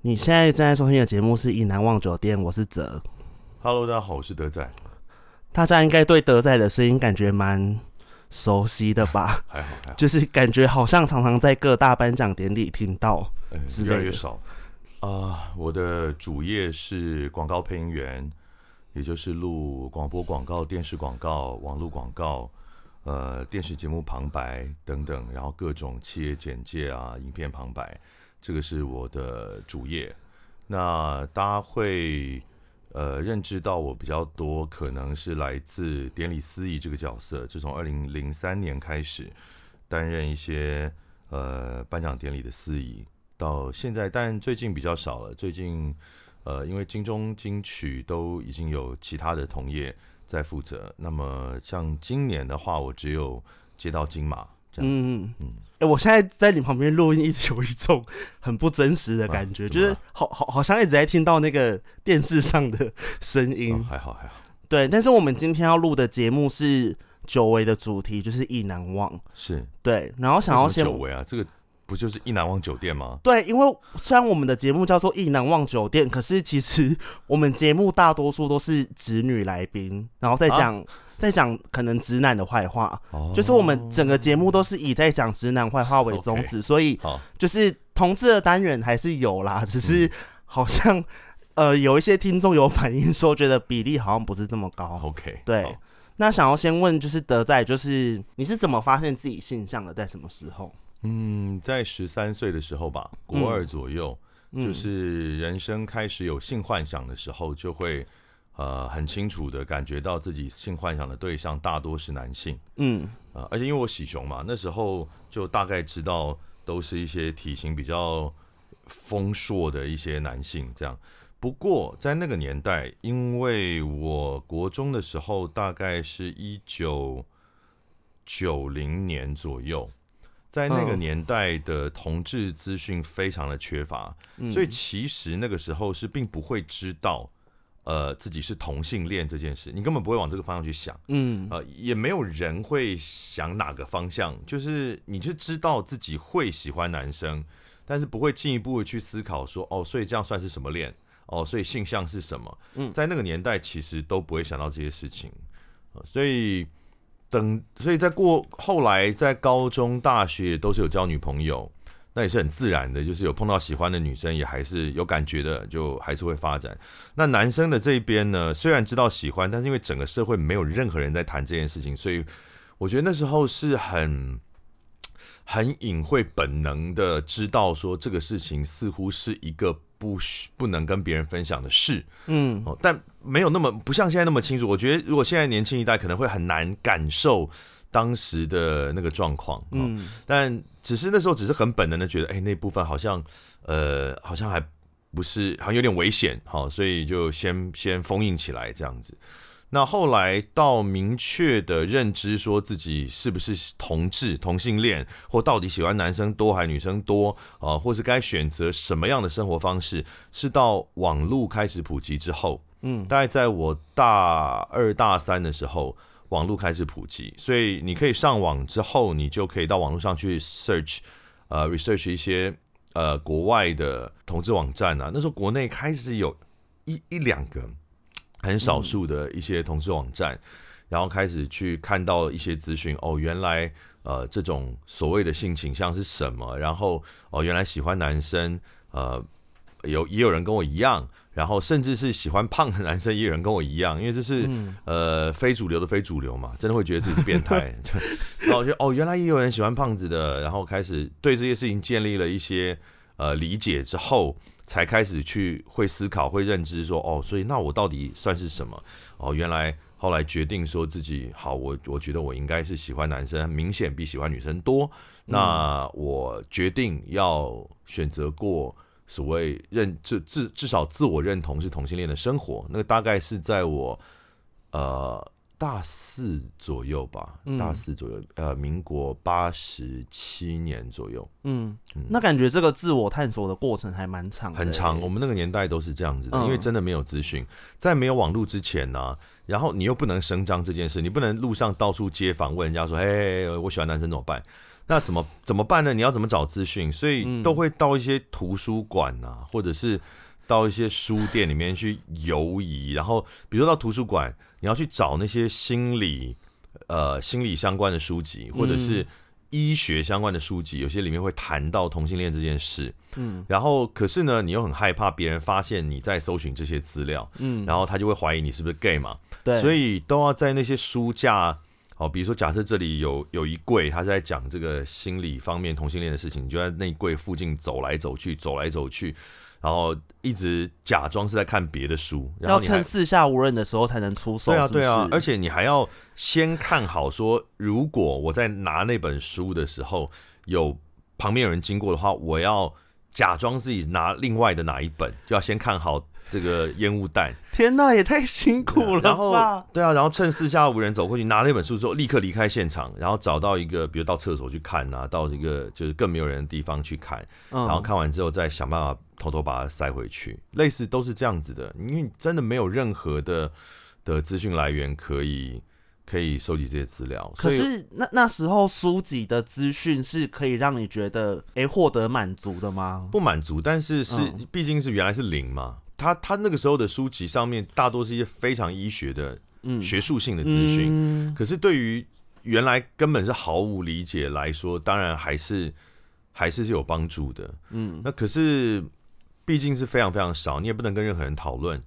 你現在正在收聽的節目是《異男忘酒店》，我是哲。Hello，大家好，我是德仔。大家應該對德仔的聲音感覺蠻熟悉的吧？還好還好，就是感覺好像常常在各大頒獎典禮聽到之類的，哎、欸，越來越少。啊、呃，我的主業是廣告配音員，也就是錄廣播廣告、電視廣告、網絡廣告，呃，電視節目旁白等等，然後各種企業簡介啊、影片旁白，這個是我的主業。那大家會呃認知到我比較多，可能是來自典禮司儀這個角色，就從二零零三年開始擔任一些呃頒獎典禮的司儀。到現在，但最近比較少了。最近，呃，因為金鐘金曲都已經有其他的同業在負責。那麼像今年的話，我只有接到金馬這樣。嗯嗯嗯。哎、嗯欸，我現在在你旁邊錄音，一直有一種很不真實的感覺，啊、就是好好好像一直在聽到那個電視上的聲音。哦、還好還好。對，但是我們今天要錄的節目是久違的主題，就是異男忘。是。對，然後想要先。久違啊，這個。不就是異男忘酒店嗎？對，因為雖然我們的節目叫做異男忘酒店，可是其實我們節目大多數都是直女來賓，然後再講再講可能直男的壞話，哦、就是我們整個節目都是以在講直男壞話為宗旨，okay, 所以就是同志的單元還是有啦，嗯、只是好像呃有一些聽眾有反應說，覺得比例好像不是這麼高。OK，對，那想要先問就是德仔，就是你是怎麼發現自己性向的，在什麼時候？嗯，在十三歲的時候吧，國二左右、嗯，就是人生開始有性幻想的時候，就會、嗯呃、很清楚的感覺到自己性幻想的對象大多是男性。嗯，而且因為我喜熊嘛，那時候就大概知道都是一些體型比較豐碩的一些男性這樣。不過在那個年代，因為我國中的時候大概是一九九零年左右。在那個年代的同志資訊非常的缺乏，嗯，所以其實那個時候是並不會知道，呃，自己是同性戀這件事，你根本不會往這個方向去想，嗯、呃，也沒有人會想哪個方向，就是你就知道自己會喜歡男生，但是不會進一步的去思考說，哦，所以這樣算是什麼戀？哦，所以性向是什麼？嗯，在那個年代其實都不會想到這些事情，呃，所以。等，所以在過後來，在高中、大學都是有交女朋友，那也是很自然的，就是有碰到喜歡的女生，也還是有感覺的，就還是會發展。那男生的這一邊呢，雖然知道喜歡，但是因為整個社會沒有任何人在談這件事情，所以我覺得那時候是很很隱晦、本能的知道說這個事情似乎是一個。不不能跟別人分享的事，嗯，但沒有那麼不像現在那麼清楚。我覺得如果現在年輕一代可能會很難感受當時的那個狀況，嗯，但只是那時候只是很本能的覺得，哎、欸，那部分好像，呃，好像還不是，好像有點危險，好，所以就先先封印起來這樣子。那後來到明確的認知，說自己是不是同志、同性戀，或到底喜歡男生多還是女生多，啊、呃，或是該選擇什麼樣的生活方式，是到網絡開始普及之後，嗯，大概在我大二大三的時候，網絡開始普及，所以你可以上網之後，你就可以到網絡上去 search，呃，research 一些呃國外的同志網站啊。那時候國內開始有一一兩個。很少數的一些同志網站、嗯，然後開始去看到一些資訊，哦，原來呃這種所謂的性傾向是什麼？然後哦，原來喜歡男生，呃，有也有人跟我一樣，然後甚至是喜歡胖的男生，也有人跟我一樣，因為這是、嗯、呃非主流的非主流嘛，真的會覺得自己是變態。 然後就哦，原來也有人喜歡胖子的，然後開始對這些事情建立了一些呃理解之後。才開始去會思考、會認知說，說哦，所以那我到底算是什麼？哦，原來後來決定說自己好，我我覺得我應該是喜歡男生，很明顯比喜歡女生多。那我決定要選擇過所謂認至至至少自我認同是同性戀的生活。那個大概是在我呃。大四左右吧，大四左右，嗯、呃，民國八十七年左右嗯，嗯，那感覺這個自我探索的過程還蠻長的、欸，很長。我們那個年代都是這樣子的，嗯、因為真的沒有資訊，在沒有網絡之前呢、啊，然後你又不能聲張這件事，你不能路上到處街訪，問人家說，哎、嗯，我喜歡男生怎麼辦？那怎麼怎麼辦呢？你要怎麼找資訊？所以都會到一些圖書館啊，或者是到一些書店裡面去游移、嗯，然後比如到圖書館。你要去找那些心理，呃，心理相關的書籍，或者是醫學相關的書籍，嗯、有些裡面會談到同性戀這件事。嗯，然後可是呢，你又很害怕別人發現你在搜尋這些資料，嗯，然後他就會懷疑你是不是 gay 嘛？對、嗯，所以都要在那些書架，哦，比如說假設這裡有有一櫃，他在講這個心理方面同性戀的事情，你就在那櫃附近走來走去，走來走去，然後。一直假裝是在看別的書，然後，要趁四下無人的時候才能出手。對啊，對啊，而且你還要先看好，說如果我在拿那本書的時候，有旁邊有人經過的話，我要假裝自己拿另外的哪一本，就要先看好。這個煙霧彈，天哪，也太辛苦了吧！嗯、對啊，然後趁四下無人走過去拿了一本書之後，立刻離開現場，然後找到一個，比如到廁所去看啊，到一個就是更沒有人的地方去看，然後看完之後再想辦法偷偷把它塞回去，嗯、類似都是這樣子的。因為真的沒有任何的的資訊來源可以可以收集這些資料。可是那那時候書籍的資訊是可以讓你覺得哎、欸、獲得滿足的嗎？不滿足，但是是、嗯、畢竟是原來是零嘛。他他那個時候的書籍上面大多是一些非常醫學的、學術性的資訊，可是對於原來根本是毫無理解來說，當然還是還是是有幫助的。嗯，那可是畢竟是非常非常少，你也不能跟任何人討論。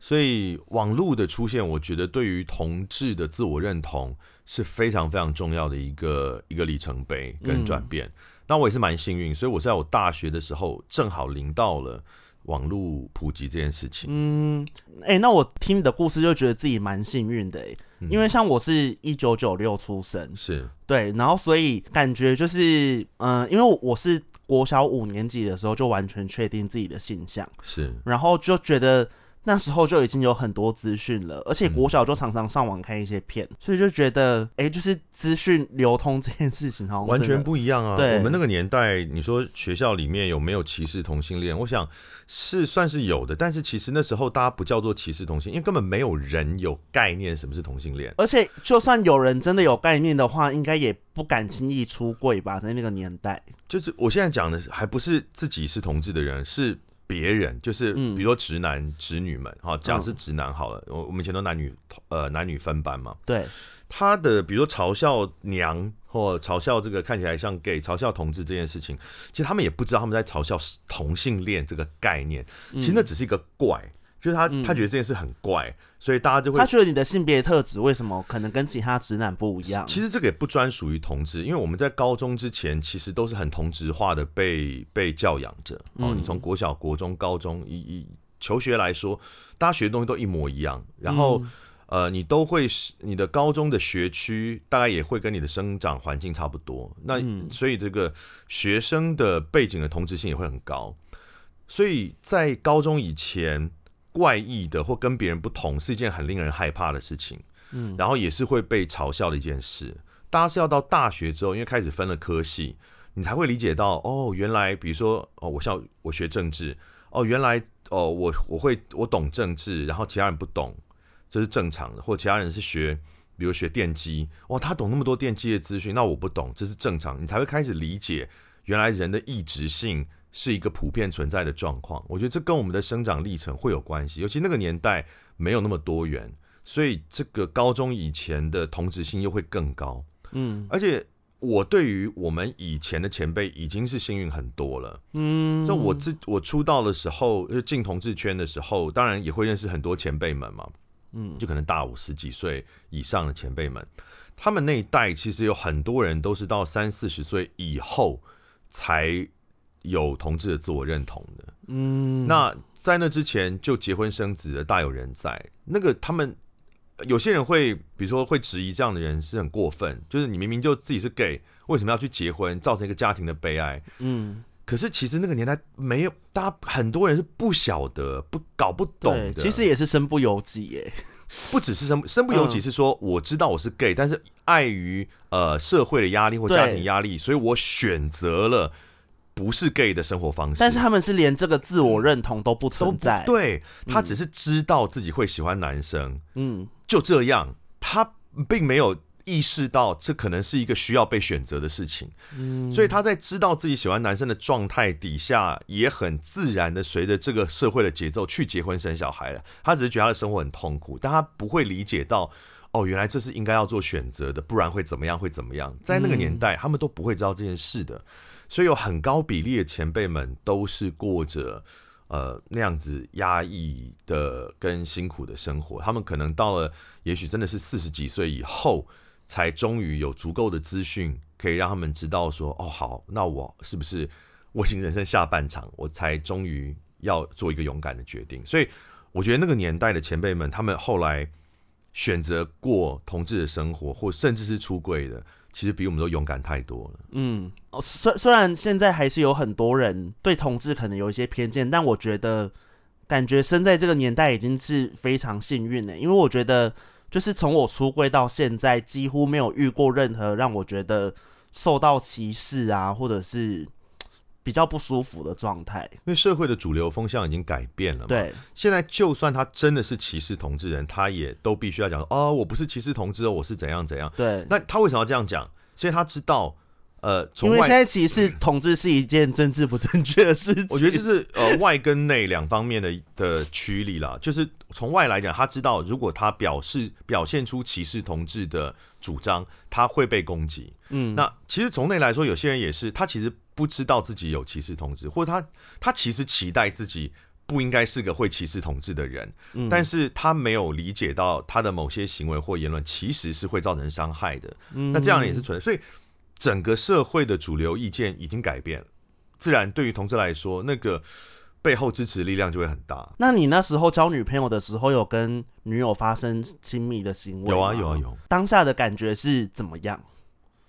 所以網絡的出現，我覺得對於同志的自我認同是非常非常重要的一個一個里程碑跟轉變。那我也是蠻幸運，所以我在我大學的時候正好臨到了網路普及這件事情，嗯，哎、欸，那我聽你的故事就覺得自己蠻幸運的哎、嗯、因為像我是一九九六出生，是，對，然後所以感覺就是，嗯、呃，因為我是國小五年級的時候就完全確定自己的性向，是，然後就覺得。那時候就已經有很多資訊了，而且國小就常常上網看一些片，嗯、所以就覺得，哎、欸，就是資訊流通這件事情，哈，完全不一樣啊。對。我們那個年代，你說學校裡面有沒有歧視同性戀？我想是算是有的，但是其實那時候大家不叫做歧視同性，因為根本沒有人有概念什麼是同性戀，而且就算有人真的有概念的話，應該也不敢輕易出櫃吧，在那個年代。就是我現在講的，還不是自己是同志的人，是。別人就是，比如說直男、直、嗯、女們，哈，這樣是直男好了，哦、我們以前都男女，呃，男女分班嘛，對，他的比如說嘲笑娘或嘲笑這個看起來像 gay，嘲笑同志這件事情，其實他們也不知道他們在嘲笑同性戀這個概念，其實那只是一個怪。嗯就是他、嗯，他覺得這件事很怪，所以大家就會。他覺得你的性別特質為什麼可能跟其他直男不一樣？其實這個也不專屬於同志，因為我們在高中之前，其實都是很同質化的被被教養着。哦、喔嗯，你從國小、國中、高中，以以求學來說，大家學的東西都一模一樣。然後，嗯、呃，你都會是你的高中的學區，大概也會跟你的生長環境差不多。那、嗯、所以這個學生的背景的同質性也會很高。所以在高中以前。外溢的或跟別人不同是一件很令人害怕的事情，嗯，然後也是會被嘲笑的一件事。大家是要到大學之後，因為開始分了科系，你才會理解到，哦，原來比如說，哦，我校我學政治，哦，原來哦，我我會我懂政治，然後其他人不懂，這是正常的。或其他人是學，比如學電機，哦，他懂那麼多電機的資訊，那我不懂，這是正常。你才會開始理解，原來人的異質性，是一個普遍存在的狀況，我覺得這跟我們的生長歷程會有關係，尤其那個年代沒有那麼多元，所以這個高中以前的同質性又會更高。嗯，而且我對於我們以前的前輩已經是幸運很多了。嗯，就我自我出道的時候，就進同志圈的時候，當然也會認識很多前輩們嘛。嗯，就可能大五十幾歲以上的前輩們，他們那一代其實有很多人都是到三四十歲以後才。有同志的自我認同的，嗯，那在那之前就結婚生子的大有人在。那個他們有些人會，比如說會質疑這樣的人是很過分，就是你明明就自己是 gay，為什麼要去結婚，造成一個家庭的悲哀？嗯，可是其實那個年代沒有，大家很多人是不曉得、不搞不懂的。其實也是身不由己耶，不只是身不身不由己，是說我知道我是 gay、嗯、但是礙於呃社會的壓力或家庭壓力，所以我選擇了。不是 gay 的生活方式，但是他們是連這個自我認同都不存在。對，他只是知道自己會喜歡男生，嗯，就這樣，他並沒有意識到這可能是一個需要被選擇的事情。嗯，所以他在知道自己喜歡男生的狀態底下，也很自然的隨着這個社會的節奏去結婚生小孩了。他只是覺得他的生活很痛苦，但他不會理解到哦，原來這是應該要做選擇的，不然會怎麼樣？會怎麼樣？在那個年代，嗯，他們都不會知道這件事的。所以有很高比例的前輩們都是過着呃那樣子壓抑的跟辛苦的生活，他們可能到了也許真的是四十幾歲以後，才終於有足夠的資訊，可以讓他們知道說，哦，好，那我是不是我已經人生下半場，我才終於要做一個勇敢的決定？所以我覺得那個年代的前輩們，他們後來選擇過同志的生活，或甚至是出櫃的。其實比我們都勇敢太多了。嗯，哦，雖雖然現在還是有很多人對同志可能有一些偏見，但我覺得感覺生在這個年代已經是非常幸運了，欸。因為我覺得就是從我出櫃到現在，幾乎沒有遇過任何讓我覺得受到歧視啊，或者是。比較不舒服的狀態，因為社會的主流風向已經改變了嘛。對，現在就算他真的是歧視同志人，他也都必須要講說：“哦，我不是歧視同志哦，我是怎樣怎樣。”對，那他為什麼要這樣講？所以他知道，呃，因為現在歧視同志是一件政治不正確的事情。我，我覺得就是呃外跟內兩方面的的驅力了。 就是從外來講，他知道如果他表示表現出歧視同志的主張，他會被攻擊。嗯，那其實從內來說，有些人也是他其實。不知道自己有歧視同志，或者他他其實期待自己不應該是個會歧視同志的人，嗯，但是他沒有理解到他的某些行為或言論其實是會造成傷害的，嗯，那這樣也是存在，所以整個社會的主流意見已經改變了，自然對於同志來說，那個背後支持力量就會很大。那你那時候交女朋友的時候，有跟女友發生親密的行為嗎？有啊，有啊，有。當下的感覺是怎麼樣？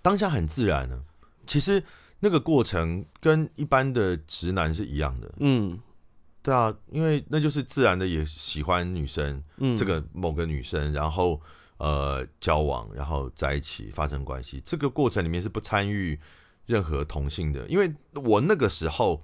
當下很自然呢，啊，其實。那個過程跟一般的直男是一樣的，嗯，對啊，因為那就是自然的也喜歡女生，嗯，這個某個女生，然後呃交往，然後在一起發生關係。這個過程裡面是不參與任何同性的，因為我那個時候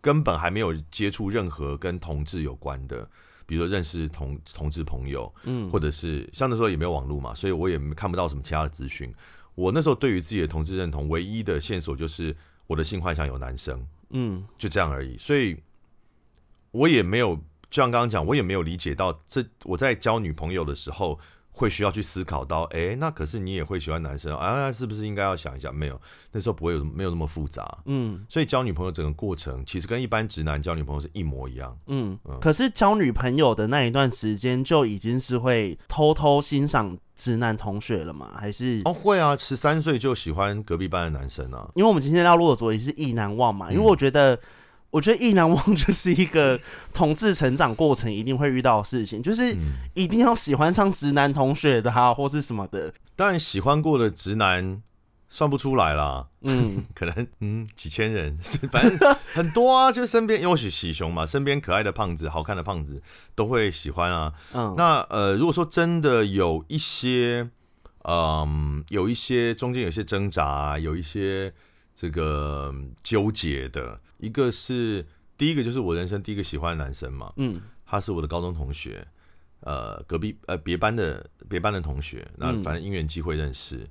根本還沒有接觸任何跟同志有關的，比如說認識同同志朋友，嗯，或者是像那時候也沒有網絡嘛，所以我也看不到什麼其他的資訊。我那時候對於自己的同志認同，唯一的線索就是我的性幻想有男生，嗯，就這樣而已。所以我也沒有，就像剛剛講，我也沒有理解到這我在交女朋友的時候。會需要去思考到，哎、欸，那可是你也會喜歡男生啊？那是不是應該要想一下？沒有，那時候不會有，沒有那麼複雜。嗯，所以交女朋友整個過程其實跟一般直男交女朋友是一模一樣嗯。嗯，可是交女朋友的那一段時間就已經是會偷偷欣賞直男同學了嗎？還是、哦、會啊？十三歲就喜歡隔壁班的男生啊。因為我們今天要錄的主題是異男忘嘛，因為我覺得、嗯。我覺得異男忘就是一個同志成長過程一定會遇到的事情，就是一定要喜歡上直男同學的哈，或是什麼的。當然，喜歡過的直男算不出來啦。嗯，可能嗯幾千人，反正很多啊， 就是身邊，因為是喜熊嘛，身邊可愛的胖子、好看的胖子都會喜歡啊。嗯，那呃，如果說真的有一些，嗯、呃，有一些中間有些掙扎，有一些。這個糾結的，一個是第一個就是我人生第一個喜歡的男生嘛，嗯，他是我的高中同學，呃，隔壁呃別班的別班的同學，那反正因緣際會認識，嗯。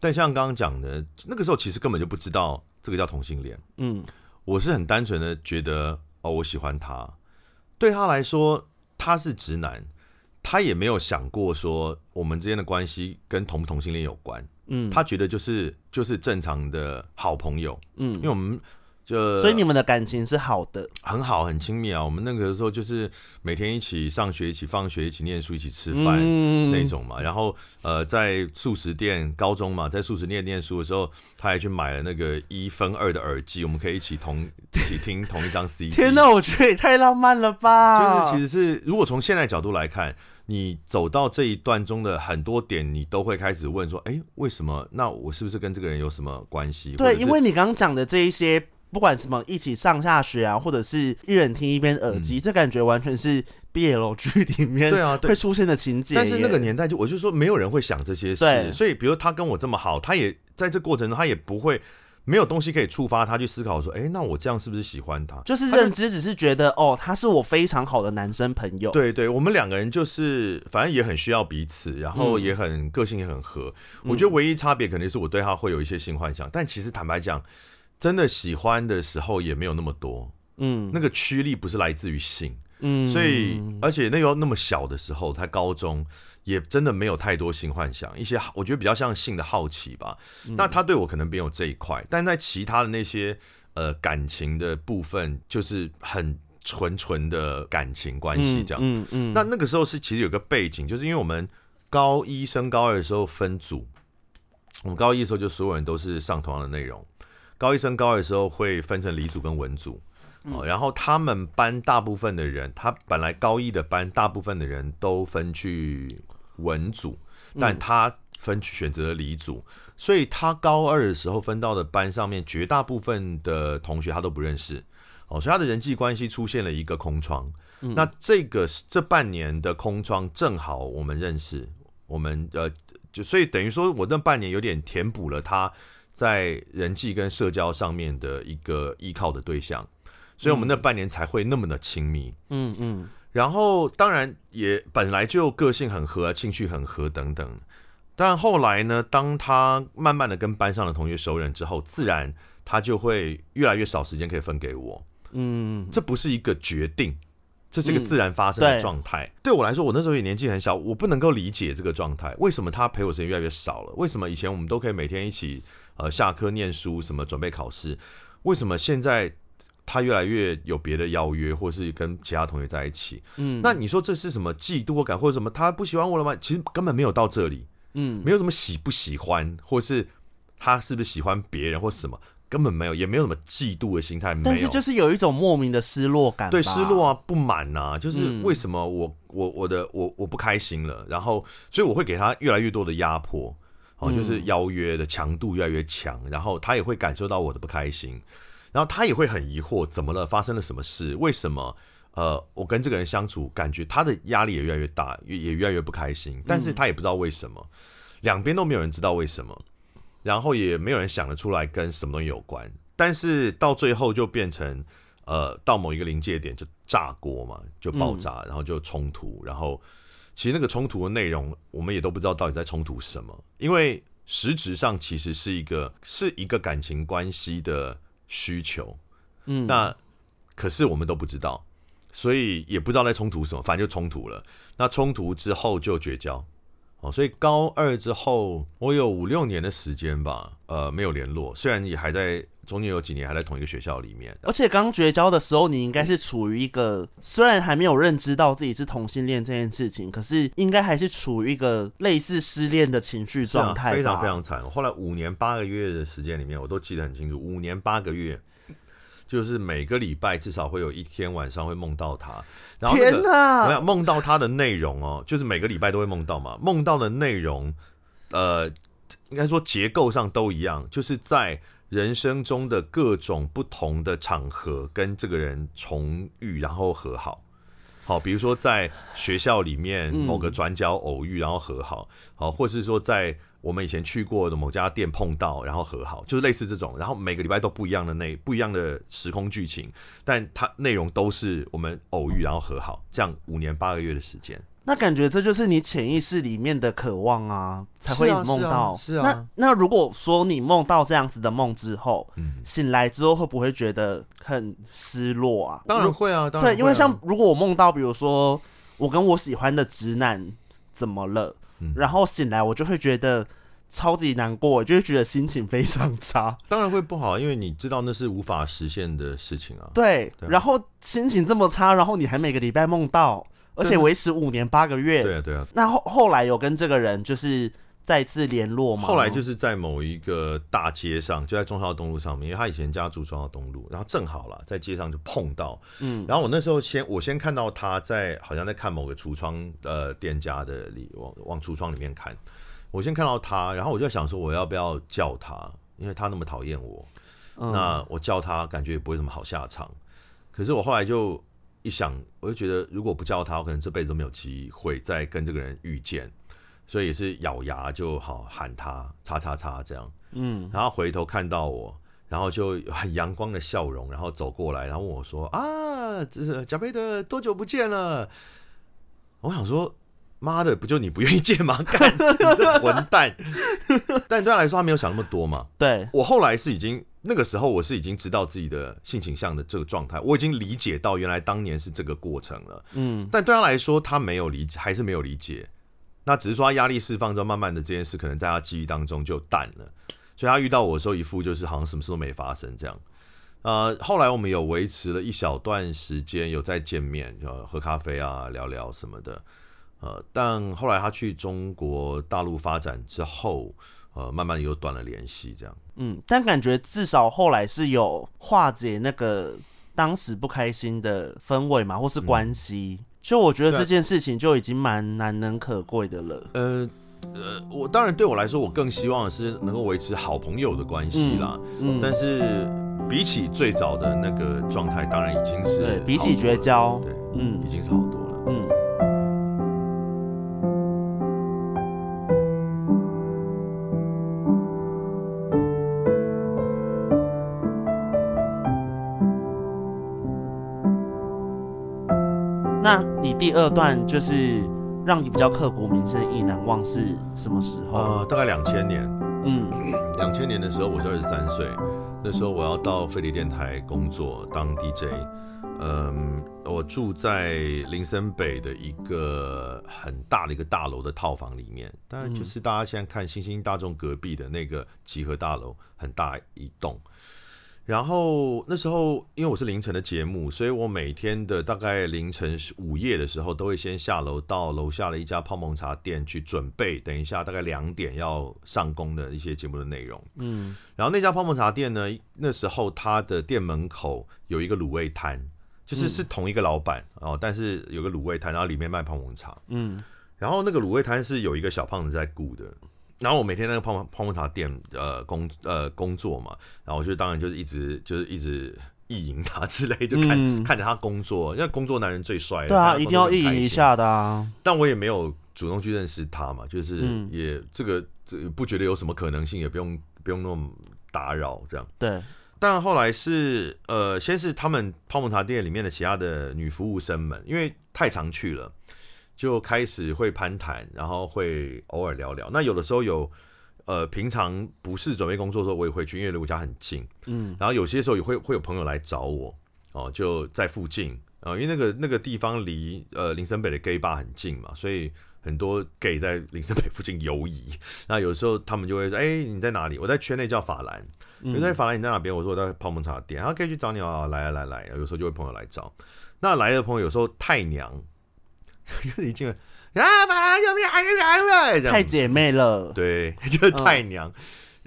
但像剛剛講的，那個時候其實根本就不知道這個叫同性戀，嗯，我是很單純的覺得哦，我喜歡他。對他來說，他是直男，他也沒有想過說我們之間的關係跟同不同性戀有關。嗯，他覺得就是就是正常的好朋友，嗯，因為我們就，所以你們的感情是好的，很好很親密啊。我們那個時候就是每天一起上學，一起放學，一起念書，一起吃飯那種嘛。嗯、然後呃，在速食店，高中嘛，在速食店念，念書的時候，他還去買了那個一分二的耳機，我們可以一起同一起聽同一張 CD。 天哪，我覺得也太浪漫了吧！就是其實是，是如果從現在角度來看。你走到這一段中的很多點，你都會開始問說：“哎、欸，為什麼？那我是不是跟這個人有什麼關係？”對，因為你剛剛講的這一些，不管什麼一起上下學啊，或者是一人聽一邊耳機，嗯，這感覺完全是 BL 劇裡面會出現的情景啊。但是那個年代就我就說沒有人會想這些事，所以比如他跟我這麼好，他也在這過程中他也不會。沒有東西可以觸發他去思考說，哎，那我這樣是不是喜歡他？就是認知只是覺得，哦，他是我非常好的男生朋友。對對，我們兩個人就是，反正也很需要彼此，然後也很、嗯、個性也很合。我覺得唯一差別可能是我對他會有一些性幻想、嗯，但其實坦白講，真的喜歡的時候也沒有那麼多。嗯，那個驅力不是來自於性。嗯，所以而且那個那麼小的時候，他高中。也真的沒有太多性幻想，一些我覺得比較像性的好奇吧。嗯、那他對我可能沒有這一塊，但在其他的那些呃感情的部分，就是很純純的感情關係這樣子。嗯嗯，嗯。那那個時候是其實有個背景，就是因為我們高一升高二的時候分組，我們高一的時候就所有人都是上同樣的內容，高一升高二的時候會分成理組跟文組。然後他們班大部分的人，他本來高一的班大部分的人都分去文組，但他分選擇了理組，所以他高二的時候分到的班上面，絕大部分的同學他都不認識，哦，所以他的人際關係出現了一個空窗。那這個這半年的空窗，正好我們認識，我們呃，就所以等於說，我這半年有點填補了他在人際跟社交上面的一個依靠的對象。所以，我們那半年才會那麼的親密。嗯嗯，然後當然也本來就個性很合，興趣很合等等。但後來呢，當他慢慢的跟班上的同學熟稔之後，自然他就會越來越少時間可以分給我。嗯，這不是一個決定，這是一個自然發生的狀態。嗯、對，對我來說，我那時候也年紀很小，我不能夠理解這個狀態。為什麼他陪我時間越來越少了？為什麼以前我們都可以每天一起呃下課念書，什麼準備考試？為什麼現在？他越來越有別的邀約，或是跟其他同學在一起。嗯，那你說這是什麼嫉妒感，或者什麼他不喜歡我了嗎？其實根本沒有到這裡。嗯，沒有什麼喜不喜歡，或者是他是不是喜歡別人或什麼，根本沒有，也沒有什麼嫉妒的心態，沒有。但是就是有一種莫名的失落感，對失落啊不滿啊，就是為什麼我我我的我我不開心了？然後所以我會給他越來越多的壓迫，哦，就是邀約的強度越來越強，然後他也會感受到我的不開心。然後他也會很疑惑，怎麼了？發生了什麼事？為什麼？呃，我跟這個人相處，感覺他的壓力也越來越大，也也越來越不開心。但是他也不知道為什麼、嗯，兩邊都沒有人知道為什麼，然後也沒有人想得出來跟什麼東西有關。但是到最後就變成，呃，到某一個臨界點就炸鍋嘛，就爆炸，嗯、然後就衝突。然後其實那個衝突的內容，我們也都不知道到底在衝突什麼，因為實質上其實是一個是一個感情關係的需求，嗯，那可是我們都不知道，所以也不知道在衝突什麼，反正就衝突了。那衝突之後就絕交，哦，所以高二之後我有五六年的時間吧，呃，沒有聯絡，雖然也還在。中間有幾年還在同一個學校裡面，而且剛絕交的時候，你應該是處於一個、嗯、雖然還沒有認知到自己是同性戀這件事情，可是應該還是處於一個類似失戀的情緒狀態。非常非常慘。後來五年八個月的時間裡面，我都記得很清楚。五年八個月，就是每個禮拜至少會有一天晚上會夢到他。然後那個、天哪、啊！我想夢到他的內容哦、喔，就是每個禮拜都會夢到嘛。夢到的內容，呃，應該說結構上都一樣，就是在。人生中的各種不同的場合跟這個人重遇，然後和好，好，比如說在學校裡面某個轉角偶遇，然後和好，好、嗯，或是說在我們以前去過的某家店碰到，然後和好，就是類似這種，然後每個禮拜都不一樣的內，不一樣的時空劇情，但它內容都是我們偶遇然後和好，這樣五年八個月的時間。那感覺這就是你潛意識裡面的渴望啊，才會一直夢到。是啊，是啊是啊。那那如果說你夢到這樣子的夢之後，嗯，醒來之後會不會覺得很失落啊？當然會啊，當然會啊。對，因為像如果我夢到，比如說我跟我喜歡的直男怎麼了，嗯，然後醒來我就會覺得超級難過，就會覺得心情非常差。當然會不好，因為你知道那是無法實現的事情啊。對，對啊，然後心情這麼差，然後你還每個禮拜夢到。而且維持五年八個月。對啊，對啊。那後後來有跟這個人就是再次聯絡嗎？後來就是在某一個大街上，就在忠孝東路上面，因為他以前家住忠孝東路，然後正好啦在街上就碰到。嗯。然後我那時候先我先看到他在好像在看某個櫥窗呃店家的裡往往櫥窗裡面看，我先看到他，然後我就想說我要不要叫他，因為他那麼討厭我。嗯，那我叫他感覺也不會什麼好下場。可是我後來就。一想，我就覺得如果不叫他，我可能這輩子都沒有機會再跟這個人遇見，所以也是咬牙就好喊他叉叉叉，這樣，嗯，然後回頭看到我，然後就有很陽光的笑容，然後走過來，然後問我說：“啊，這是賈貝德，多久不見了？”我想說：“媽的，不就你不願意見嗎？幹，你這混蛋！” 但對他來說，他沒有想那麼多嘛。對，我後來是已經。那個時候我是已經知道自己的性傾向的這個狀態，我已經理解到原來當年是這個過程了。嗯，但對他來說，他沒有理解，還是沒有理解。那只是說他壓力釋放之後，慢慢的這件事可能在他記憶當中就淡了。所以他遇到我的時候，一副就是好像什麼事都沒發生這樣。呃，後來我們有維持了一小段時間，有再見面，就喝咖啡啊，聊聊什麼的。呃，但後來他去中國大陸發展之後。呃，慢慢又斷了聯繫，這樣。嗯，但感覺至少後來是有化解那個當時不開心的氛圍嘛，或是關係。嗯，就我覺得這件事情就已經蠻難能可貴的了。呃，呃，我當然對我來說，我更希望的是能夠維持好朋友的關係啦，嗯。嗯，但是比起最早的那個狀態，當然已經是對比起絕交，對，嗯，已經是好多了，嗯。嗯那你第二段就是讓你比較刻骨銘心的異男忘是什麼時候？呃，大概兩千年，嗯，兩千年的時候我是二十三歲，那時候我要到飛碟電台工作當 DJ，嗯，我住在林森北的一個很大的一個大樓的套房裡面，當然就是大家現在看欣欣大眾隔壁的那個集合大樓，很大一棟。然後那時候，因為我是凌晨的節目，所以我每天的大概凌晨午夜的時候，都會先下樓到樓下的一家泡沫茶店去準備，等一下大概兩點要上工的一些節目的內容。嗯，然後那家泡沫茶店呢，那時候他的店門口有一個滷味攤，就是是同一個老闆哦，但是有個滷味攤，然後裡面賣泡沫茶。嗯，然後那個滷味攤是有一個小胖子在顧的。然後我每天那個泡泡，泡沫茶店呃工呃工作嘛，然後我就當然就是一直就是一直意淫他之類，就看、嗯、看着他工作，因為工作男人最帥，對啊，他一定要意淫一下的啊。但我也沒有主動去認識他嘛，就是也、嗯、這個這個、不覺得有什麼可能性，也不用不用那麼打擾這樣。對，但後來是呃，先是他們泡沫茶店裡面的其他的女服務生們，因為太常去了。就開始會攀談，然後會偶爾聊聊。那有的時候有，呃，平常不是準備工作的時候，我也會去，因為離我家很近。嗯，然後有些時候也會會有朋友來找我，哦、呃，就在附近啊、呃，因為那個那個地方離呃林森北的 gay bar 很近嘛，所以很多 gay 在林森北附近游移。那有的時候他們就會說：“哎、欸，你在哪裡？”我在圈內叫法蘭，圈、嗯、在法蘭你在哪邊？我說我在泡沫茶店，然後可以去找你啊，來來來來，有時候就會朋友來找。那來的朋友有時候太娘。就是啊，一進來就比矮個矮個，太姐妹了。對，就是太娘。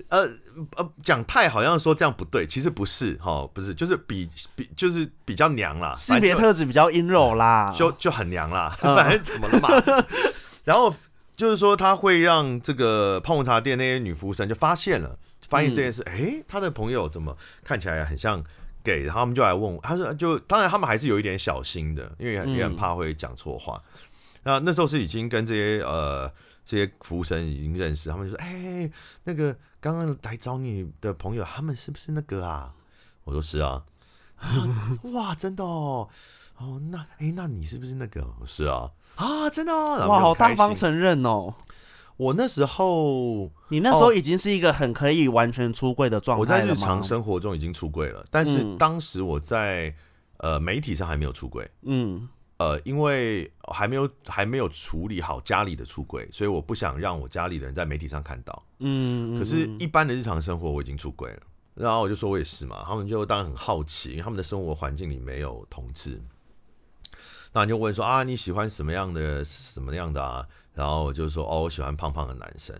呃、嗯、呃，講、呃、太好像說這樣不對，其實不是哈，不是，就是比比就是比較娘啦，性別特質比較陰柔啦，就、呃、就，就很娘啦，嗯。反正怎麼了嘛？ 然後就是說，他會讓這個泡紅茶店那些女服務生就發現了，發現這件事，哎，嗯、欸，他的朋友怎麼看起來很像？給，然後他們就來問我，他說就當然他們還是有一點小心的，因為也，也很怕會講錯話。那、嗯、那時候是已經跟這些呃這些服務生已經認識，他們就說：“哎、欸，那個剛剛來找你的朋友，他們是不是那個啊？”我說：“是啊。啊”“哇，真的哦，哦那哎、欸，那你是不是那個？”“是啊。”“啊，真的哦，哇，好大方承認哦。”我那時候，你那時候已經是一個很可以完全出櫃的狀態、哦。我在日常生活中已經出櫃了，但是當時我在、嗯、呃媒體上還沒有出櫃。嗯，呃，因為還沒有還沒有處理好家裡的出櫃，所以我不想讓我家裡的人在媒體上看到。嗯，可是一般的日常生活我已經出櫃了，然後我就說我也是嘛。他們就當然很好奇，因為他們的生活環境裡沒有同志，那你就問說啊，你喜歡什麼樣的什麼樣的啊？然後我就說哦，我喜歡胖胖的男生。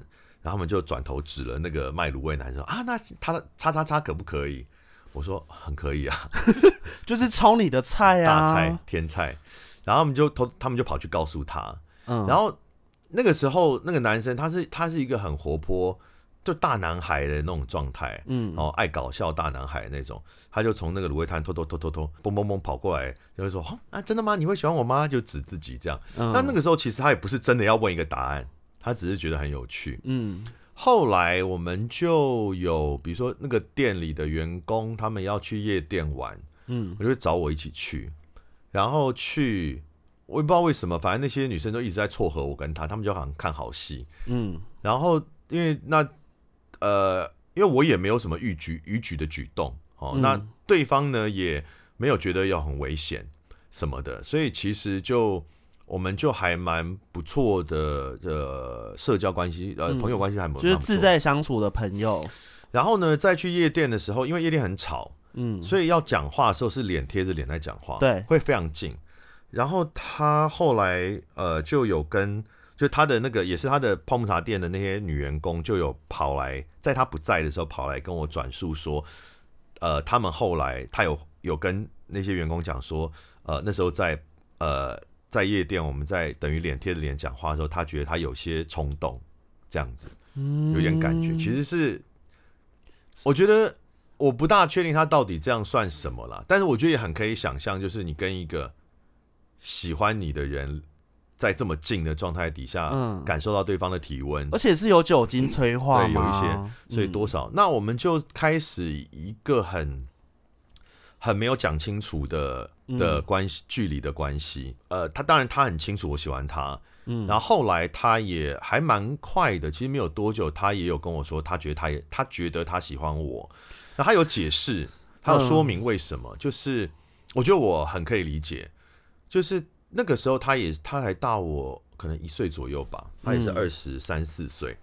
然後他們就轉頭指了那個賣滷味男生啊，那他的叉叉叉可不可以？我說很可以啊， 就是炒你的菜啊，大菜甜菜。然後他們就偷，他們就跑去告訴他。嗯、然後那個時候，那個男生他是他是一個很活潑。就大男孩的那種狀態，嗯，哦，愛搞笑大男孩那種，他就從那個滷味攤偷偷、偷偷、偷、蹦蹦蹦跑過來，就會說：“哦啊，真的嗎？你會喜歡我嗎？”就指自己這樣、嗯。那那個時候其實他也不是真的要問一個答案，他只是覺得很有趣。嗯，後來我們就有，比如說那個店裡的員工，他們要去夜店玩，嗯，我就會找我一起去。然後去，我也不知道為什麼，反正那些女生都一直在撮合我跟他，他們就好像看好戲。嗯，然後因為那。呃，因為我也沒有什麼逾矩逾矩的舉動，哦，嗯、那對方呢也沒有覺得要很危險什麼的，所以其實就我們就還蠻不錯的、呃、社交關係呃朋友關係還蠻不錯、嗯、就是自在相處的朋友。然後呢，在去夜店的時候，因為夜店很吵，嗯，所以要講話的時候是臉貼着臉在講話，對，會非常近。然後他後來呃就有跟。就他的那個，也是他的泡沫茶店的那些女員工，就有跑來，在他不在的時候跑來跟我轉述說，呃，他們後來他有有跟那些員工講說，呃，那時候在呃在夜店，我們在等於臉貼着臉講話的時候，他覺得他有些衝動，這樣子，有點感覺。其實是，我覺得我不大確定他到底這樣算什麼啦，但是我覺得也很可以想象，就是你跟一個喜歡你的人。在這麼近的狀態底下，感受到對方的體溫，嗯嗯，而且是有酒精催化，對，有一些，所以多少？嗯、那我們就開始一個很很沒有講清楚的的關係，嗯，距離的關係。呃，他當然他很清楚我喜歡他，嗯，然後後來他也還蠻快的，其實沒有多久，他也有跟我說，他覺得他也他覺得他喜歡我，那他有解釋，他有說明為什麼，嗯，就是我覺得我很可以理解，就是。那個時候，他也他還大我可能一歲左右吧，他也是二十、嗯、三四歲。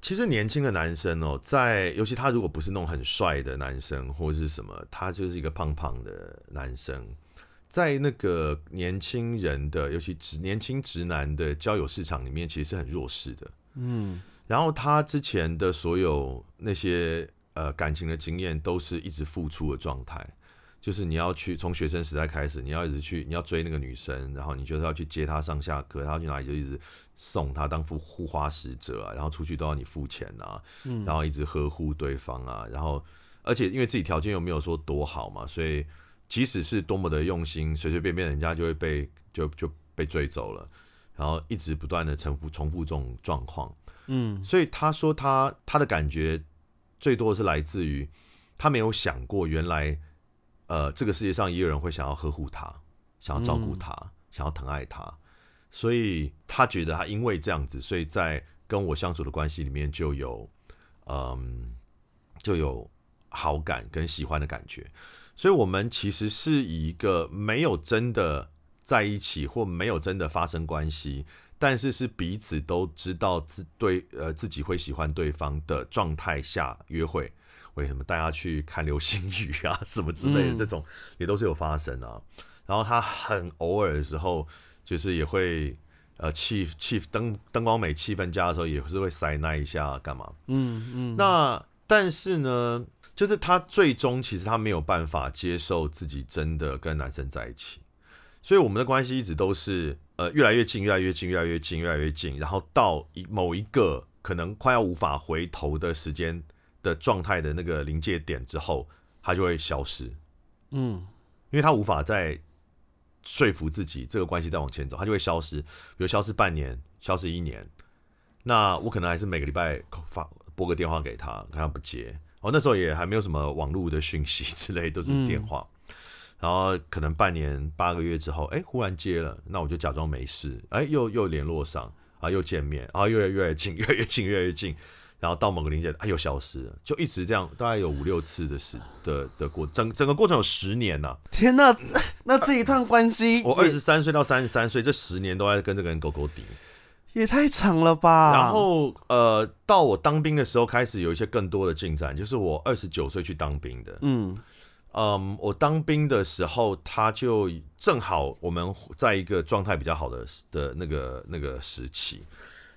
其實年輕的男生哦、喔，在尤其他如果不是那種很帥的男生，或是什麼，他就是一個胖胖的男生，在那個年輕人的，尤其直年輕直男的交友市場裡面，其實是很弱勢的。嗯，然後他之前的所有那些呃感情的經驗，都是一直付出的狀態。就是你要去從學生時代開始，你要一直去，你要追那個女生，然後你就是要去接她上下課，她要去哪裡就一直送她，當副護花使者啊，然後出去都要你付錢啊，然後一直呵護對方啊，然後而且因為自己條件又沒有說多好嘛，所以即使是多麼的用心，隨隨便便人家就會被就就被追走了，然後一直不斷的重複重複這種狀況，嗯，所以他說他他的感覺最多是來自於他沒有想過原來。呃，這個世界上也有人會想要呵護他，想要照顧他，嗯，想要疼愛他，所以他覺得他因為這樣子，所以在跟我相處的關係裡面就有，嗯、呃，就有好感跟喜歡的感覺。所以，我們其實是以一個沒有真的在一起，或沒有真的發生關係，但是是彼此都知道自對呃自己會喜歡對方的狀態下約會。為什麼大家去看流星雨啊，什麼之類的這種也都是有發生啊？然後他很偶爾的時候，就是也會呃氣氣燈燈光美氣氛佳的時候，也是會塞奶一下幹嘛？嗯嗯，嗯。那但是呢，就是他最終其實他沒有辦法接受自己真的跟男生在一起，所以我們的關係一直都是呃越來越近越來越近越來越近越來越近，然後到一某一個可能快要無法回頭的時間的狀態的那個臨界點之後，他就會消失，嗯，因為他無法再說服自己這個關係再往前走，他就會消失。比如消失半年，消失一年，那我可能還是每個禮拜發撥個電話給他，看他不接。哦，那時候也還沒有什麼網絡的訊息之類，都是電話。嗯，然後可能半年八個月之後，哎、欸，忽然接了，那我就假裝沒事，哎、欸，又又聯絡上啊，又見面啊，又越來越近，越來越近，越來越近。越來越近然後到某個零件，他又消失了，就一直這樣，大概有五六次的時的的過整整個過程有十年吶、啊！天吶，那這一段關係，我二十三歲到三十三歲這十年都在跟這個人勾勾纏，也太長了吧！然後呃，到我當兵的時候開始有一些更多的進展，就是我二十九歲去當兵的，嗯嗯，我當兵的時候他就正好我們在一個狀態比較好的的那個那個時期。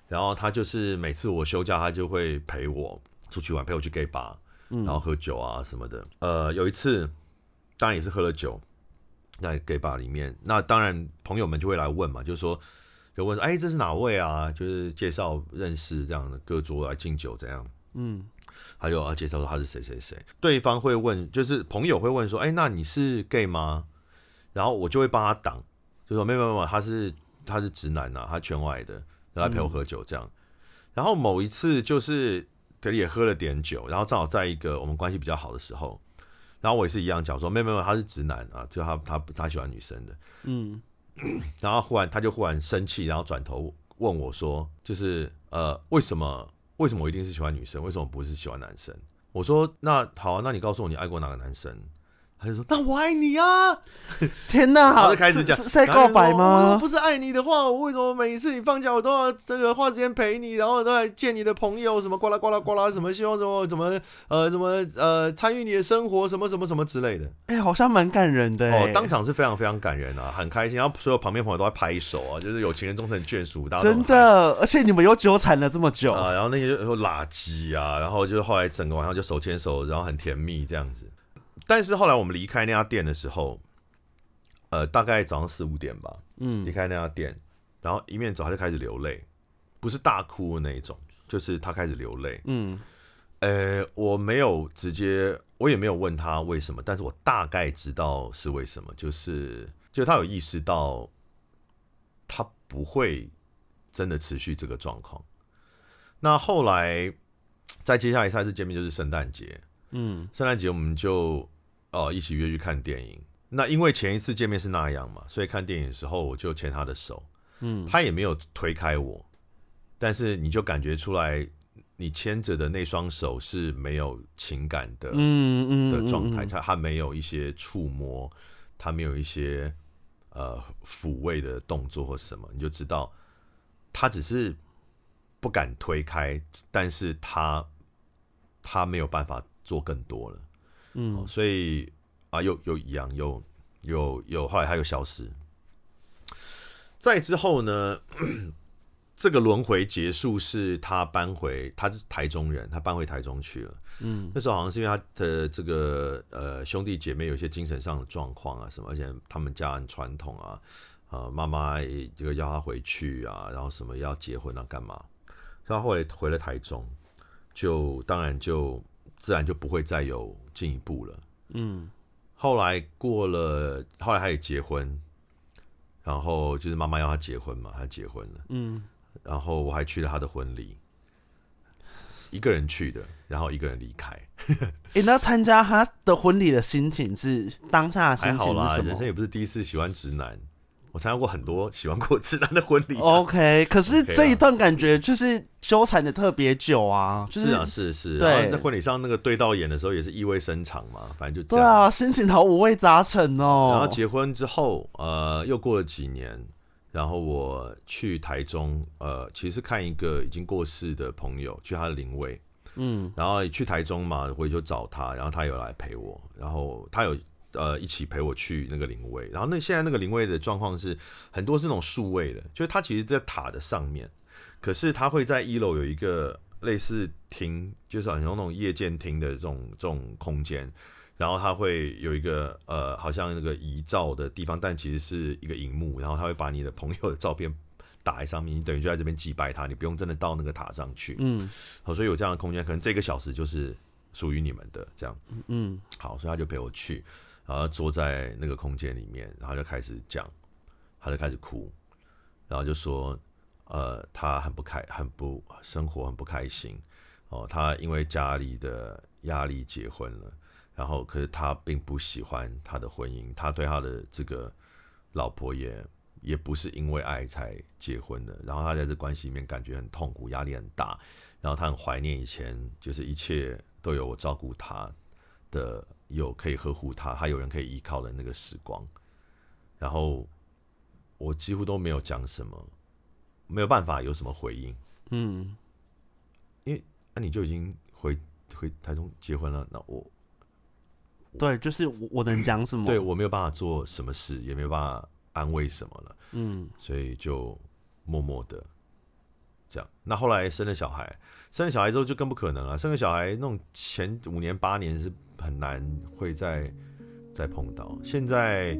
然後他就是每次我休假，他就會陪我出去玩，陪我去 gay 吧、嗯，然後喝酒啊什麼的。呃，有一次當然也是喝了酒，在 gay 吧裡面，那當然朋友們就會來問嘛，就是說就問：“哎、欸，這是哪位啊？”就是介紹認識這樣的，各桌來敬酒這樣。嗯，還有啊，介紹說他是誰誰誰誰，對方會問，就是朋友會問說：“哎、欸，那你是 gay 嗎？”然後我就會幫他擋，就說：“沒有沒有，他是他是直男啊，他圈外的。”來陪我喝酒，這樣，嗯。然後某一次就是他也喝了點酒，然後正好在一個我們關係比較好的時候，然後我也是一樣講說，沒有沒有，他是直男啊，就他他他喜歡女生的，嗯。然後忽然他就忽然生氣，然後轉頭問我說，就是呃，為什麼為什麼我一定是喜歡女生，為什麼不是喜歡男生？我說那好啊，那你告訴我你愛過哪個男生？他說：“那我愛你啊！天哪！”就開始講是在告白嗎？不是愛你的話，我為什麼每一次你放假，我都要這個花時間陪你，然後都來見你的朋友，什麼呱啦呱啦呱啦，什麼希望什麼什麼呃什麼呃參與你的生活，什麼什麼,什麼,什,麼什麼之類的。哎、欸，好像蠻感人的。哦，當場是非常非常感人啊，很開心。然後所有旁邊朋友都會拍手啊，就是有情人終成眷屬。真的，而且你們又糾纏了這麼久啊、嗯呃，然後那些說垃圾啊，然後就是後來整個晚上就手牽手，然後很甜蜜這樣子。但是後來我們離開那家店的時候，呃，大概早上四五點吧，嗯，離開那家店，嗯，然後一面走他就開始流淚，不是大哭的那一種，就是他開始流淚，嗯，呃，我沒有直接，我也沒有問他為什麼，但是我大概知道是為什麼，就是就他有意識到，他不會真的持續這個狀況。那後來在接下來下一次見面就是聖誕節，嗯，聖誕節我們就。嗯哦，一起約去看電影。那因為前一次見面是那樣嘛，所以看電影的時候我就牽他的手，嗯，他也沒有推開我，但是你就感覺出來，你牽着的那雙手是沒有情感的，嗯,嗯,嗯,嗯,嗯,嗯的狀態，他他沒有一些觸摸，他沒有一些呃撫慰的動作或什麼，你就知道他只是不敢推開，但是他他沒有辦法做更多了。嗯、哦，所以啊，又又一樣，又又又後來他又消失。再之後呢，咳咳這個輪迴結束是他搬回，他是台中人，他搬回台中去了。嗯，那時候好像是因為他的這個呃兄弟姐妹有一些精神上的狀況啊什麼，而且他們家很傳統啊，啊、呃，媽媽也這個要他回去啊，然後什麼要結婚啊幹嘛，所以他後來回了台中，就當然就。自然就不會再有進一步了。嗯，後來過了，後來他也結婚，然後就是媽媽要他結婚嘛，他結婚了。嗯，然後我還去了他的婚禮，一個人去的，然後一個人離開。哎、欸，那參加他的婚禮的心情是當下的心情是什麼？還好啦，人生也不是第一次喜歡直男。我參加過很多喜歡過直男的婚禮，啊、，OK。可是這一段感覺就是糾纏的特別久啊，okay 啊就是，是啊，是是，對，在婚禮上那個對到眼的時候也是意味深長嘛，反正就這樣。對啊，心情好五味雜陳哦、嗯。然後結婚之後，呃，又過了幾年，然後我去台中，呃，其實是看一個已經過世的朋友，去他的靈位，嗯，然後去台中嘛，回去找他，然後他有來陪我，然後他有。呃，一起陪我去那個靈位，然後那現在那個靈位的狀況是很多是那種數位的，就是它其實，在塔的上面，可是它會在一樓有一個類似廳，就是好像那種夜間廳的這種這種空間，然後它會有一個呃，好像那個遺照的地方，但其實是一個熒幕，然後他會把你的朋友的照片打在上面，你等於就在這邊祭拜他，你不用真的到那個塔上去。嗯，好，所以有這樣的空間，可能這個小時就是屬於你們的，這樣。嗯嗯，好，所以他就陪我去。然後坐在那個空間裡面，然後就開始講，他就開始哭，然後就說，呃，他很不開，很不，生活很不開心。哦，他因為家裡的壓力結婚了，然後可是他並不喜歡他的婚姻，他對他的這個老婆也也不是因為愛才結婚的。然後他在這關係裡面感覺很痛苦，壓力很大，然後他很懷念以前，就是一切都有我照顧他的。有可以呵護他，還有人可以依靠的那個時光，然後我幾乎都沒有講什麼，沒有辦法有什麼回應，嗯，因為那、啊、你就已經回回台中結婚了，那我,我對，就是我我能講什麼？對，我沒有辦法做什麼事，也沒有辦法安慰什麼了，嗯，所以就默默的這樣。那後來生了小孩，生了小孩之後就更不可能了，生了小孩那種前五年八年是。很難會再再碰到。現在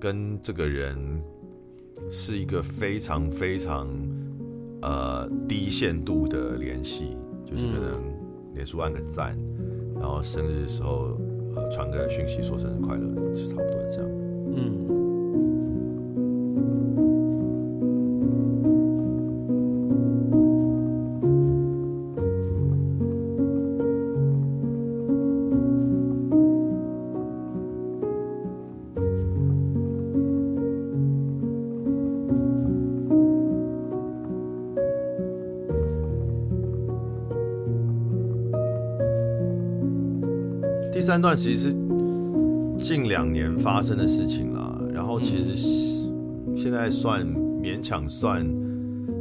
跟這個人是一個非常非常呃低限度的聯繫，就是可能連續按個讚、嗯，然後生日的時候呃傳個訊息說生日快樂，是差不多。這段其實是近兩年發生的事情啦，然後其實現在算勉強算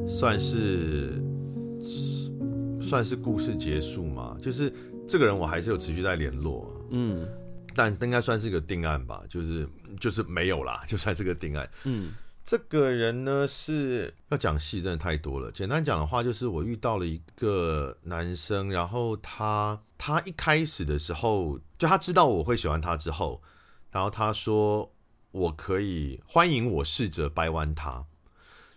算是算是故事結束嘛，就是這個人我還是有持續在聯絡，嗯，但應該算是一個定案吧，就是就是沒有啦，就算是個定案。嗯，這個人呢是要講戲真的太多了，簡單講的話就是我遇到了一個男生，然後他。他一開始的時候，就他知道我會喜歡他之後，然後他說我可以歡迎我試着掰彎他。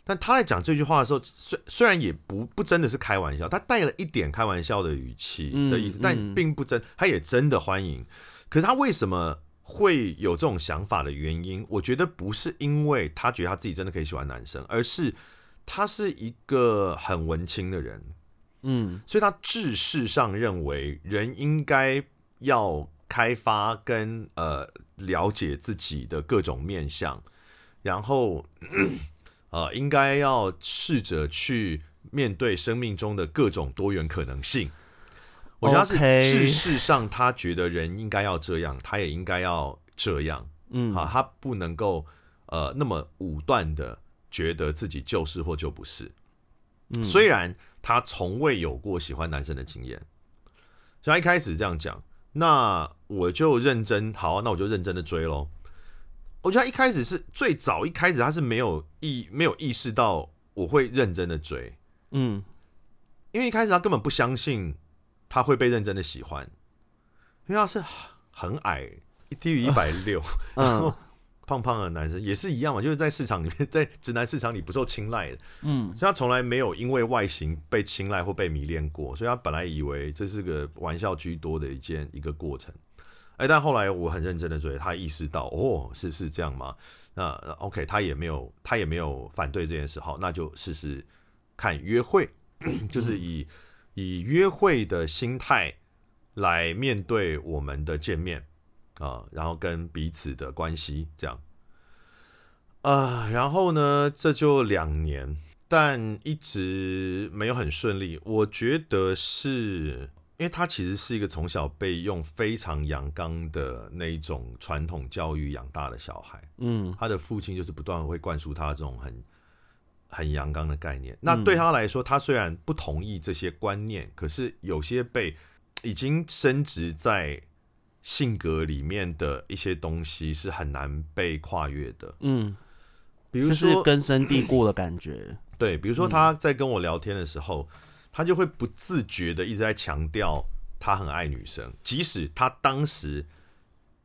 但他在講這句話的時候，雖雖然也不不真的是開玩笑，他帶了一點開玩笑的語氣的意思，嗯，但並不真，他也真的歡迎。可是他為什麼會有這種想法的原因，我覺得不是因為他覺得他自己真的可以喜歡男生，而是他是一個很文青的人。嗯，所以他知識上認為人應該要開發跟呃了解自己的各種面向，然後、嗯、呃應該要試着去面對生命中的各種多元可能性。Okay. 我覺得他是知識上他覺得人應該要這樣，他也應該要這樣。嗯，啊，他不能夠呃那麼武斷的覺得自己就是或就不是。嗯，雖然。他從未有過喜歡男生的經驗，像他一開始這樣講，那我就認真好啊，那我就認真的追咯。我覺得他一開始是最早一開始他是沒有意沒有意識到我會認真的追，嗯，因為一開始他根本不相信他會被認真的喜歡，因為他是很矮，低於一百六，然後。胖胖的男生也是一樣嘛，就是在市場裡面，在直男市場裡不受青睞的，嗯，所以他從來沒有因為外形被青睞或被迷戀過，所以他本來以為這是個玩笑居多的一件一個過程，哎、欸，但後來我很認真的追他，意識到哦，是是這樣嗎？那 OK，他也沒有他也沒有反對這件事，好，那就試試看約會，嗯、 就是以以約會的心態來面對我們的見面。啊、嗯，然後跟彼此的關係這樣，啊、呃，然後呢，這就兩年，但一直沒有很順利。我覺得是，因為他其實是一個從小被用非常陽剛的那種傳統教育養大的小孩。嗯，他的父親就是不斷會灌輸他這種很很陽剛的概念。那對他來說、嗯，他雖然不同意這些觀念，可是有些被已經深植在。性格裡面的一些東西是很難被跨越的，嗯，比如說根深蒂固的感覺，對，比如說他在跟我聊天的時候，他就會不自覺的一直在強調他很愛女生，即使他當時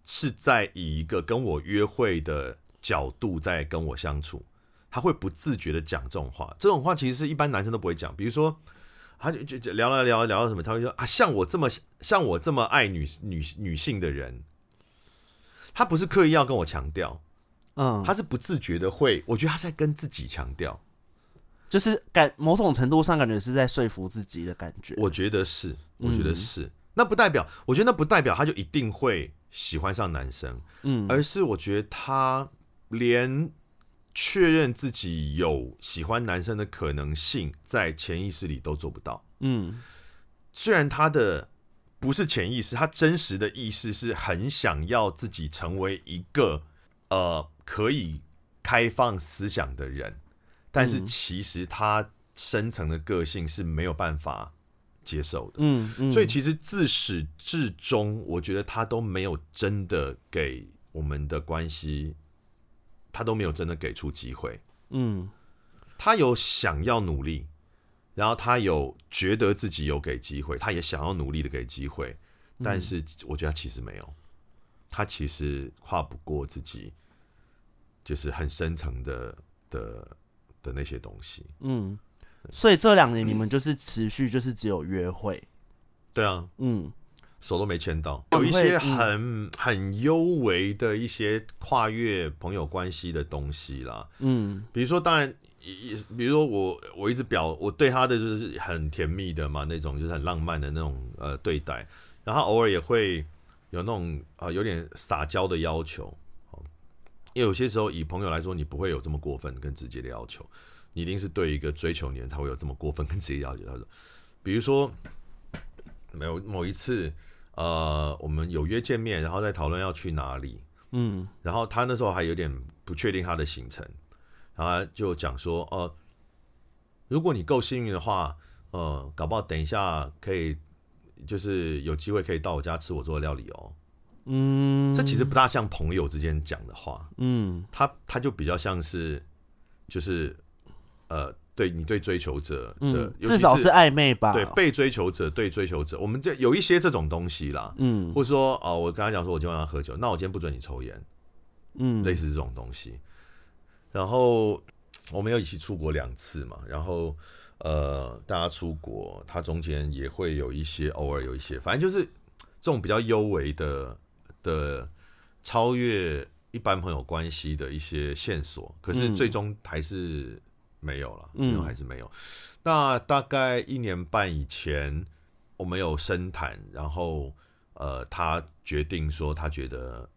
是在以一個跟我約會的角度在跟我相處，他會不自覺的講這種話，這種話其實是一般男生都不會講，比如說。他就就聊了聊聊到什麼，他會說啊，像我這麼像我這麼愛女女女性的人，他不是刻意要跟我強調，嗯，他是不自覺的會，我覺得他在跟自己強調，就是感某種程度上感覺是在說服自己的感覺。我覺得是，我覺得是。嗯，那不代表，我覺得那不代表他就一定會喜歡上男生，嗯，而是我覺得他連。確認自己有喜歡男生的可能性，在潛意識裡都做不到。嗯，雖然他的不是潛意識，他真實的意思是很想要自己成為一個呃可以開放思想的人，但是其實他深層的個性是沒有辦法接受的。嗯嗯，所以其實自始至終，我覺得他都沒有真的給我們的關係。他都沒有真的給出機會，嗯，他有想要努力，然後他有覺得自己有給機會，他也想要努力的給機會，嗯，但是我覺得他其實沒有，他其實跨不過自己，就是很深層的的的那些東西，嗯，所以這兩年你們就是持續就是只有約會，嗯，對啊，嗯。手都沒牽到，有一些很、嗯、很幽微的一些跨越朋友關係的東西啦。嗯，比如說，當然也，比如說我我一直表我對他的就是很甜蜜的嘛，那種就是很浪漫的那種呃對待。然後偶爾也會有那種啊、呃、有點撒嬌的要求，因為有些時候以朋友來說，你不會有這麼過分跟直接的要求，你一定是對一個追求你的人，他會有這麼過分跟直接要求。他說，比如說沒有某、某一次。呃，我們有約見面，然後再討論要去哪裡。嗯，然後他那時候還有點不確定他的行程，然後就講說，呃，如果你夠幸運的話，呃，搞不好等一下可以，就是有機會可以到我家吃我做的料理哦。嗯，這其實不大像朋友之間講的話。嗯，他他就比較像是，就是，呃。對，你對追求者的、嗯、至少是曖昧吧？對，被追求者對追求者，我們這有一些這種東西啦，嗯，或者說啊、哦，我剛才講說我今天晚上要喝酒，那我今天不准你抽菸，嗯，類似這種東西。然後我們有一起出國兩次嘛，然後呃，大家出國，它中間也會有一些偶爾有一些，反正就是這種比較幽微的的超越一般朋友關係的一些線索，可是最終還是。嗯沒有了，沒有，還是沒有。嗯。那大概一年半以前，我們有深談，然後呃，他決定說他覺得，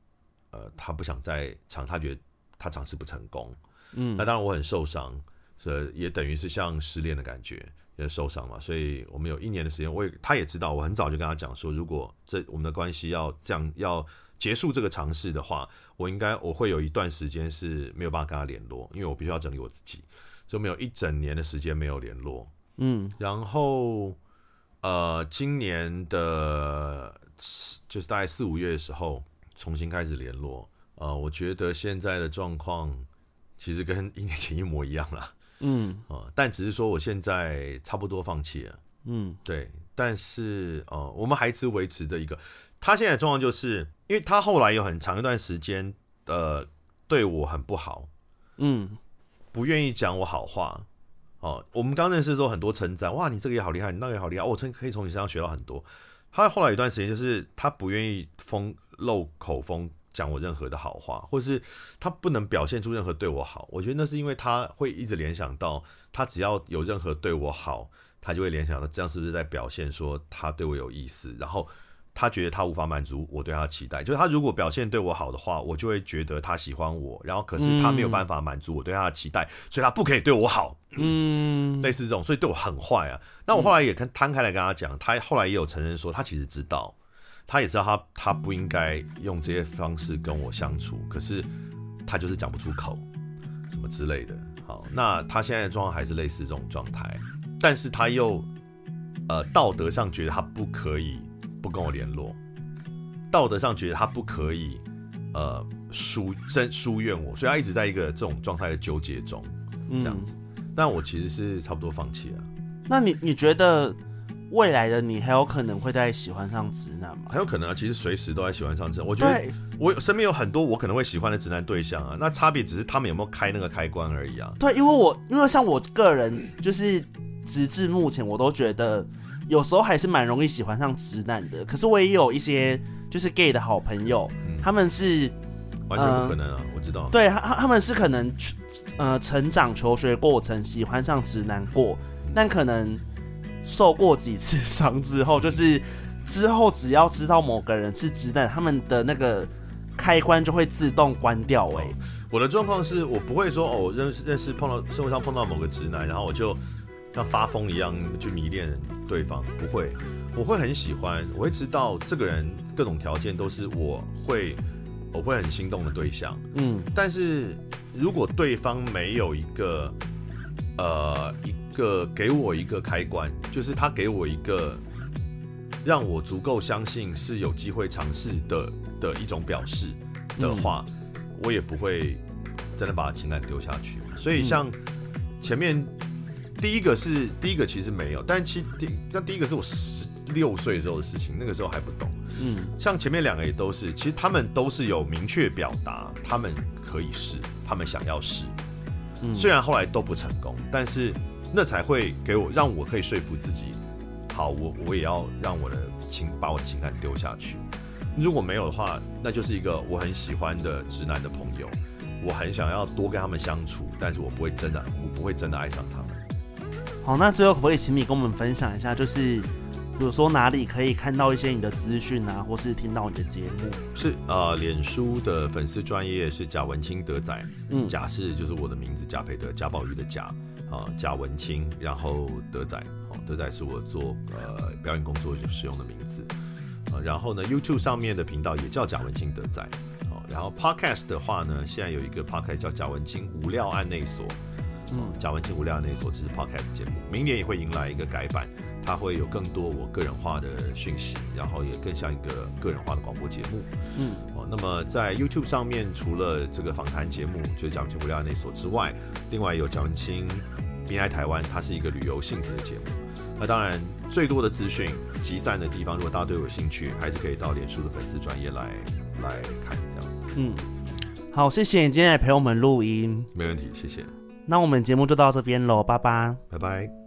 呃，他不想再嘗，他覺得他嘗試不成功，嗯，那當然我很受傷，所以也等於是像失戀的感覺，也受傷嘛。所以我們有一年的時間，我也他也知道，我很早就跟他講說，如果這我們的關係要這樣要結束這個嘗試的話，我應該我會有一段時間是沒有辦法跟他聯絡，因為我必須要整理我自己。就沒有一整年的時間沒有聯絡，嗯，然後，呃，今年的，就是大概四五月的時候重新開始聯絡，呃，我覺得現在的狀況其實跟一年前一模一樣啦，嗯，呃，但只是說我現在差不多放棄了，嗯，對，但是，呃，我們還是維持着一個，他現在的狀況就是，因為他後來有很長一段時間，呃，對我很不好，嗯。不願意講我好話，哦，我們剛認識的時候很多稱讚，哇，你這個也好厲害，你那個也好厲害，哦，我真可以從你身上學到很多。他後來有一段時間，就是他不願意風露口風講我任何的好話，或是他不能表現出任何對我好。我覺得那是因為他會一直聯想到，他只要有任何對我好，他就會聯想到這樣是不是在表現說他對我有意思，然後。他覺得他無法滿足我對他的期待，就是他如果表現對我好的話，我就會覺得他喜歡我。然後可是他沒有辦法滿足我對他的期待，嗯，所以他不可以對我好。嗯，類似這種，所以對我很壞啊。那我後來也跟攤開來跟他講，他後來也有承認說，他其實知道，他也知道他他不應該用這些方式跟我相處，可是他就是講不出口，什麼之類的。好，那他現在的狀況還是類似這種狀態，但是他又呃道德上覺得他不可以，不跟我聯絡，道德上覺得他不可以，呃，疏真疏遠我，所以他一直在一個這種狀態的糾結中，嗯，這樣子。但我其實是差不多放棄了。那你你覺得未來的你還有可能會再喜歡上直男嗎？很有可能啊，其實隨時都在喜歡上直男。我覺得我身邊有很多我可能會喜歡的直男對象啊，那差別只是他們有沒有開那個開關而已啊。對，因為我因為像我個人，就是直至目前，我都覺得。有時候還是蠻容易喜歡上直男的，可是我也有一些就是 gay 的好朋友，嗯、他們是完全不可能啊、呃，我知道。對，他他們是可能，呃，成長求學過程喜歡上直男過，但可能受過幾次傷之後，就是之後只要知道某個人是直男，他們的那個開關就會自動關掉，欸。哎，我的狀況是我不會說哦，認識認識碰到社會上碰到某個直男，然後我就。像發瘋一樣去迷戀對方不會，我會很喜歡，我會知道這個人各種條件都是我會我會很心動的對象。嗯，但是如果對方沒有一個呃一個給我一個開關，就是他給我一個讓我足夠相信是有機會嘗試的的一種表示的話，嗯，我也不會真的把情感丟下去。所以像前面。嗯第一個是第一個其實沒有，但其實第但第一個是我十六歲時候的事情，那個時候還不懂。嗯，像前面兩個也都是，其實他們都是有明確表達，他們可以試，他們想要試。嗯，雖然後來都不成功，但是那才會給我讓我可以說服自己，好，我我也要讓我的情把我情感丟下去。如果沒有的話，那就是一個我很喜歡的直男的朋友，我很想要多跟他們相處，但是我不會真的，我不會真的愛上他。好、哦，那最後可不可以請你跟我們分享一下，就是，比如說哪裡可以看到一些你的資訊啊，或是聽到你的節目？是啊，臉、呃、書的粉絲專頁是賈文青德仔，嗯，賈是就是我的名字，賈培德，賈寶玉的賈啊，賈、呃、文青，然後德仔，哦，德仔是我做呃表演工作就使用的名字啊、呃。然後呢，YouTube 上面的頻道也叫賈文青德仔，哦，然後 Podcast 的話呢，現在有一個 Podcast 叫賈文青無料案內所。嗯、哦，賈文青無聊那所只是 podcast 節目，明年也會迎來一個改版，它會有更多我個人化的訊息，然後也更像一個個人化的廣播節目。嗯，哦，那麼在 YouTube 上面，除了這個訪談節目，就是賈文青無聊那所之外，另外有賈文青邊愛台灣，它是一個旅遊性質的節目。那當然，最多的資訊集散的地方，如果大家都有興趣，還是可以到臉書的粉絲專業來來看這樣子。嗯，好，謝謝你今天來陪我們錄音，沒問題，謝謝。那我們節目就到這邊嘍，拜拜，拜拜。